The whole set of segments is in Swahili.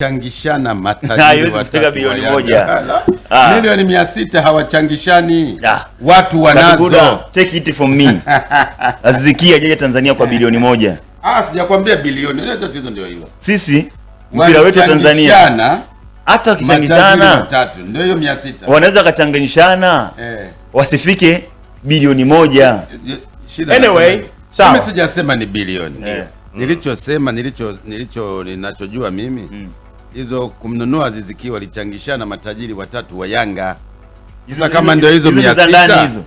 Changishana matajiri watatu bilioni moja ah. Ah. milioni mia sita hawachangishani ah. Watu wanazo, take it from me azikia jeje Tanzania kwa bilioni moja. Ah, sijakwambia bilioni, ile tatizo ndio hilo. Sisi mpira wetu Tanzania hata watatu ndio hiyo mia sita wanaweza wakachangishana eh, wasifike bilioni moja. Shida anyway, sawa, mimi sijasema ni bilioni eh. Nilichosema nilicho nilicho ninachojua mimi mm hizo kumnunua Aziz walichangisha na matajiri watatu wa Yanga. Sasa kama ndio hizo mia sita hizo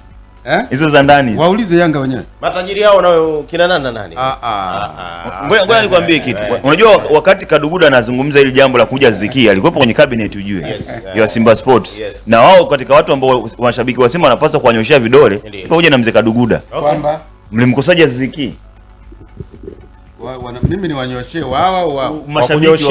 eh? hizo za ndani waulize Yanga wenyewe matajiri hao nao kina nani na nani. Ah, ah. Ah, ngoja nikwambie kitu. Unajua, wakati Kaduguda anazungumza hili jambo la kuja Aziz Ki alikuwepo kwenye cabinet ujue, yes, ya Simba Sports yes. Na wao katika watu ambao washabiki wa Simba wanapaswa kuwanyoshea vidole pamoja na mzee Kaduguda kwamba mlimkosaje Aziz Ki mimi ni wanyoshee wao wao mashabiki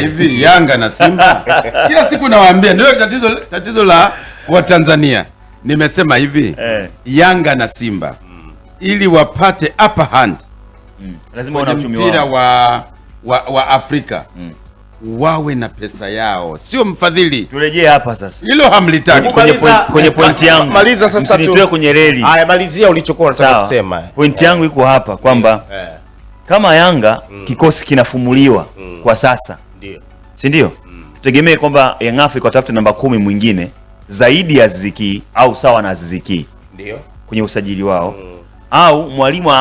hivi Yanga na Simba kila siku nawaambia, ndio tatizo tatizo la Watanzania. Nimesema hivi eh, Yanga na Simba mm, ili wapate upper hand mm, lazima wana mpira wa, wa, wa Afrika mm wawe na pesa yao, sio mfadhili. Turejee hapa sasa, hilo hamlitaki kwenye, kwenye, kwenye pointi yangu. Maliza sasa tu kwenye reli. Haya, malizia ulichokuwa unataka kusema. Pointi yangu iko hapa kwamba yeah. Yeah kama Yanga mm. kikosi kinafumuliwa mm. kwa sasa si ndio? mm. tegemee kwamba Young Africa watafute namba kumi mwingine zaidi ya zizikii au sawa na zizikii ndio kwenye usajili wao mm. au mwalimu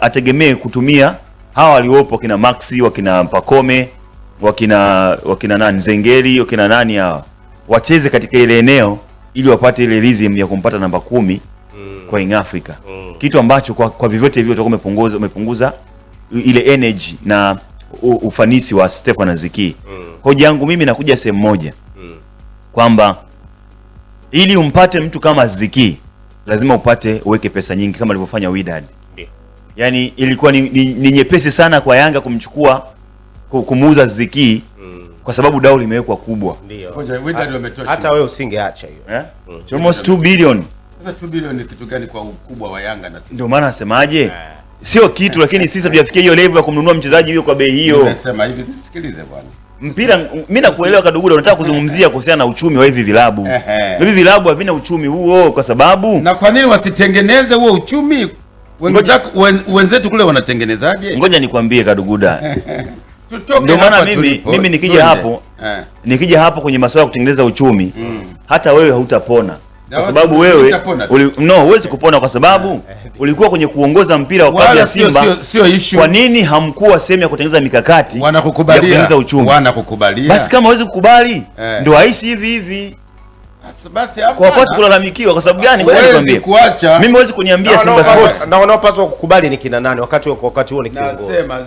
ategemee kutumia hawa waliopo wakina Maxi wakina Pakome wakina wakina nani Zengeli wakina nani hawa wacheze katika ile eneo ili wapate ile rhythm ya kumpata namba kumi mm. kwa Young Africa mm. kitu ambacho kwa, kwa vyovyote hivyo utakuwa umepunguza ile energy na ufanisi wa Stefan Aziki mm. Hoja yangu mimi nakuja sehemu moja mm. kwamba ili umpate mtu kama Aziki lazima upate uweke pesa nyingi kama alivyofanya Widad yeah. Yaani ilikuwa ni, ni, ni nyepesi sana kwa Yanga kumchukua kumuuza Aziki mm. kwa sababu dau limewekwa kubwa. Ndio. Hata wewe usingeacha hiyo eh? mm. almost 2 billion. Sasa 2 billion ni kitu gani kwa ukubwa wa Yanga na Simba? Ndio maana nasemaje? yeah sio kitu, lakini sisi hatujafikia hiyo level ya kumnunua mchezaji huyo kwa bei hiyo. Nimesema hivi, sikilize bwana mpira mimi nakuelewa, Kaduguda, unataka kuzungumzia kuhusiana na uchumi wa hivi vilabu. Hivi vilabu havina uchumi huo, kwa sababu na kwa nini wasitengeneze huo uchumi? Wenzetu kule wanatengenezaje? Ngoja nikwambie Kaduguda, ndio maana mimi mimi nikija hapo eh. nikija hapo kwenye masuala ya kutengeneza uchumi, mm. hata wewe hautapona kwa sababu wewe uli, no huwezi kupona kwa sababu eh, eh, eh. ulikuwa kwenye kuongoza mpira wa klabu ya Simba. Sio issue. Kwa nini hamkuwa sehemu ya kutengeneza mikakati ya kutengeneza uchumi? Wanakukubalia. Basi kama huwezi kukubali eh, ndio aishi hivi hivi. Basi hapa kwa kulalamikiwa kwa sababu gani? Ngoja nikwambie. Mimi huwezi kuniambia Simba Sports. Na wanaopaswa kukubali ni kina nani wakati wa wakati huo ni kiongozi. Nasema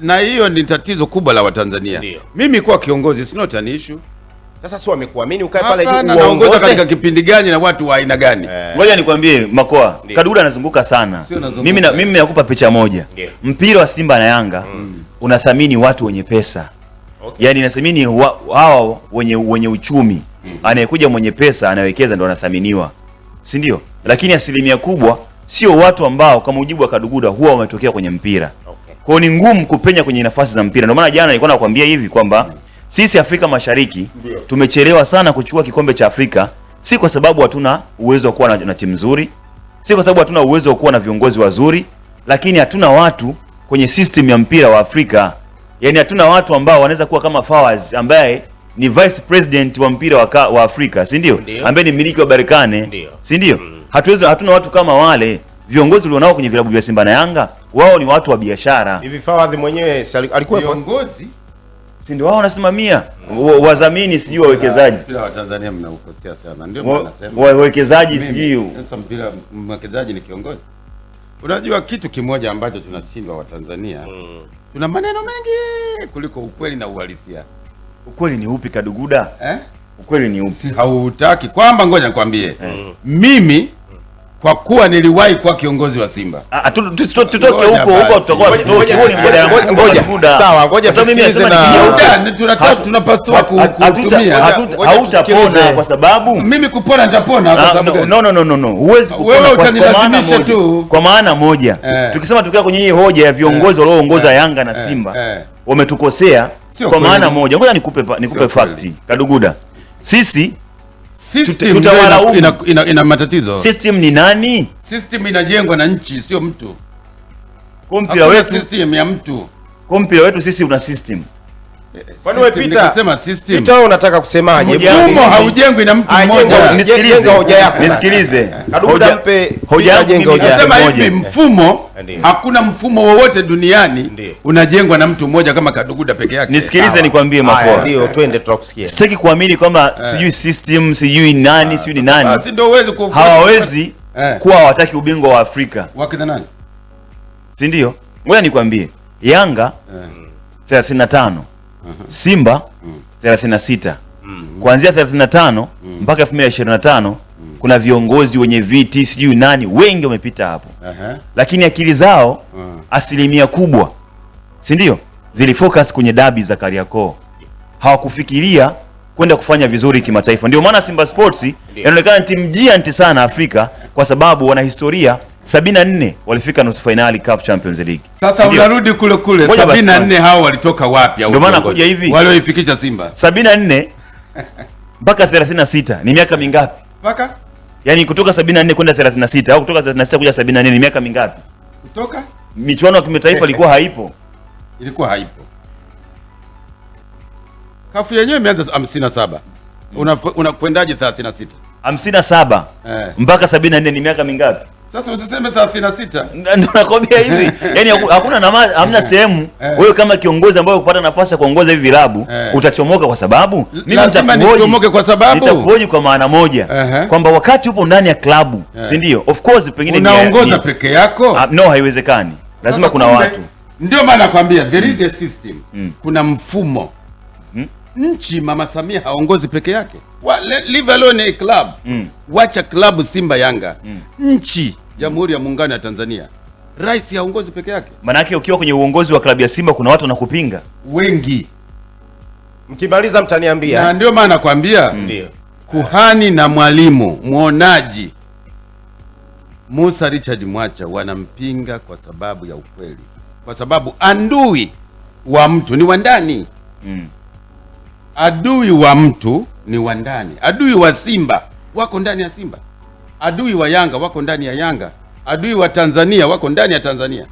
na hiyo ni tatizo kubwa la Watanzania. Mimi kuwa kiongozi it's not an issue. Sasa si wamekuamini ukae pale juu uongoza katika kipindi gani na watu wa aina gani? Eh. Ngoja eh, nikwambie Makoa, Kadura anazunguka sana. Mimi na, mimi nakupa picha moja. Ndiyo. Mpira wa Simba na Yanga mm, unathamini watu wenye pesa. Okay. Yaani nathamini hao wenye wenye uchumi. Mm. Anayekuja mwenye pesa anawekeza ndio anathaminiwa. Si ndio? Lakini asilimia kubwa sio watu ambao kama ujibu wa Kaduguda huwa wametokea kwenye mpira. Okay. Kwao ni ngumu kupenya kwenye nafasi za mpira. Ndio maana jana nilikuwa nakwambia hivi kwamba mm. Sisi Afrika Mashariki tumechelewa sana kuchukua kikombe cha Afrika, si kwa sababu hatuna uwezo wa kuwa na, na timu nzuri, si kwa sababu hatuna uwezo wa kuwa na viongozi wazuri, lakini hatuna watu kwenye system ya mpira wa Afrika. Yaani hatuna watu ambao wanaweza kuwa kama Fawaz ambaye ni vice president wa mpira wa, wa Afrika, si ndio? Ambaye ni mmiliki wa Berkane, si ndio? Mm. Hatuwezi, hatuna watu kama wale viongozi ulionao kwenye vilabu vya Simba na Yanga, wao ni watu wa biashara. Hivi Fawaz mwenyewe alikuwa viongozi si ndio wao wanasimamia wadhamini, sijui wawekezaji. pia wa Tanzania mnaukosea sana, ndio maana nasema wawekezaji, sijui sasa mpira mwekezaji ni kiongozi. Unajua kitu kimoja ambacho tunashindwa Watanzania mm. tuna maneno mengi kuliko ukweli na uhalisia. Ukweli ni upi Kaduguda eh? ukweli ni upi? si hautaki kwamba, ngoja nikwambie mm. mimi kwa kuwa niliwahi kuwa kiongozi wa Simba. Ah, ah, Tutoke huko huko, tutakuwa ngoja. Sawa, ngoja tusikilize na tunapaswa kutumia. Hautapona kwa sababu mimi kupona nitapona kwa ah, sababu no no no no, huwezi kwa utanilazimisha tu. Kwa maana moja, eh. tukisema tukiwa kwenye hii hoja ya viongozi eh. walioongoza eh. Yanga na Simba wametukosea, kwa maana moja, ngoja nikupe nikupe fact Kaduguda, sisi System tutawalaumu. Ina, ina, ina matatizo. System ni nani? System inajengwa na nchi, sio mtu. Kompira wetu system ya mtu. Kompira wetu sisi una system. Kwani wewe Pita, system. Pita unataka kusemaje? Mfumo haujengwi na mtu mmoja. Nisikilize hoja yako. Nisikilize. mpe hoja hivi mfumo hakuna mfumo wowote duniani unajengwa na mtu mmoja kama Kaduguda peke yake. Nisikilize nikwambie Ndio, twende tutakusikia. Sitaki kuamini kwamba eh. sijui system, sijui nani, sijui ni ah, nani. Basi ndio Hawawezi eh. kuwa hawataki ubingwa wa Afrika. Wakina nani? Si ndio? Ngoja nikwambie. Yanga 35 eh. Simba 36 kuanzia 35 mpaka 2025 kuna viongozi wenye viti sijui nani wengi wamepita hapo, lakini akili zao mm. asilimia kubwa, si ndio, zilifocus kwenye dabi za Kariakoo, hawakufikiria kwenda kufanya vizuri kimataifa. Ndio maana Simba Sports inaonekana timu giant sana Afrika, kwa sababu wana historia nne walifika nusu finali CAF Champions League. Sasa unarudi kule kule nne hao walitoka wapi au? Ndio maana kuja hivi. Walioifikisha Simba. nne mpaka 36 ni miaka mingapi? Mpaka? Yaani kutoka nne kwenda 36 au kutoka 36 kuja nne ni miaka mingapi? Kutoka michuano ya kimataifa ilikuwa haipo. Ilikuwa haipo. CAF yenyewe imeanza 57. Unakwendaje 36? 57 eh. mpaka 74 ni miaka mingapi? Sasa usiseme 36. Ndio nakwambia hivi. Yaani hakuna na hamna eh. sehemu eh. wewe kama kiongozi ambaye ukupata nafasi ya kuongoza hivi vilabu eh. utachomoka kwa sababu mimi nitachomoka kwa sababu nitakuhoji kwa maana moja kwamba wakati upo ndani ya klabu, si ndio? Of course pengine unaongoza peke yako? Ah, no, haiwezekani. Lazima kuna watu. Ndio maana nakwambia there is a mm. system. Mm. Kuna mfumo. Mm. Nchi Mama Samia haongozi peke yake. Wa, Leave alone a club. Mm. Wacha club Simba Yanga. Mm. Nchi Jamhuri ya Muungano ya Tanzania. Rais haongozi peke yake. Manake ukiwa kwenye uongozi wa klabu ya Simba kuna watu wanakupinga wengi. Mkimaliza mtaniambia. Na ndio maana nakwambia mm. ndio. Kuhani na mwalimu mwonaji Musa Richard Mwacha wanampinga kwa sababu ya ukweli, kwa sababu adui wa mtu ni wa ndani mm. Adui wa mtu ni wa ndani. Adui wa Simba wako ndani ya Simba. Adui wa Yanga wako ndani ya Yanga, adui wa Tanzania wako ndani ya Tanzania.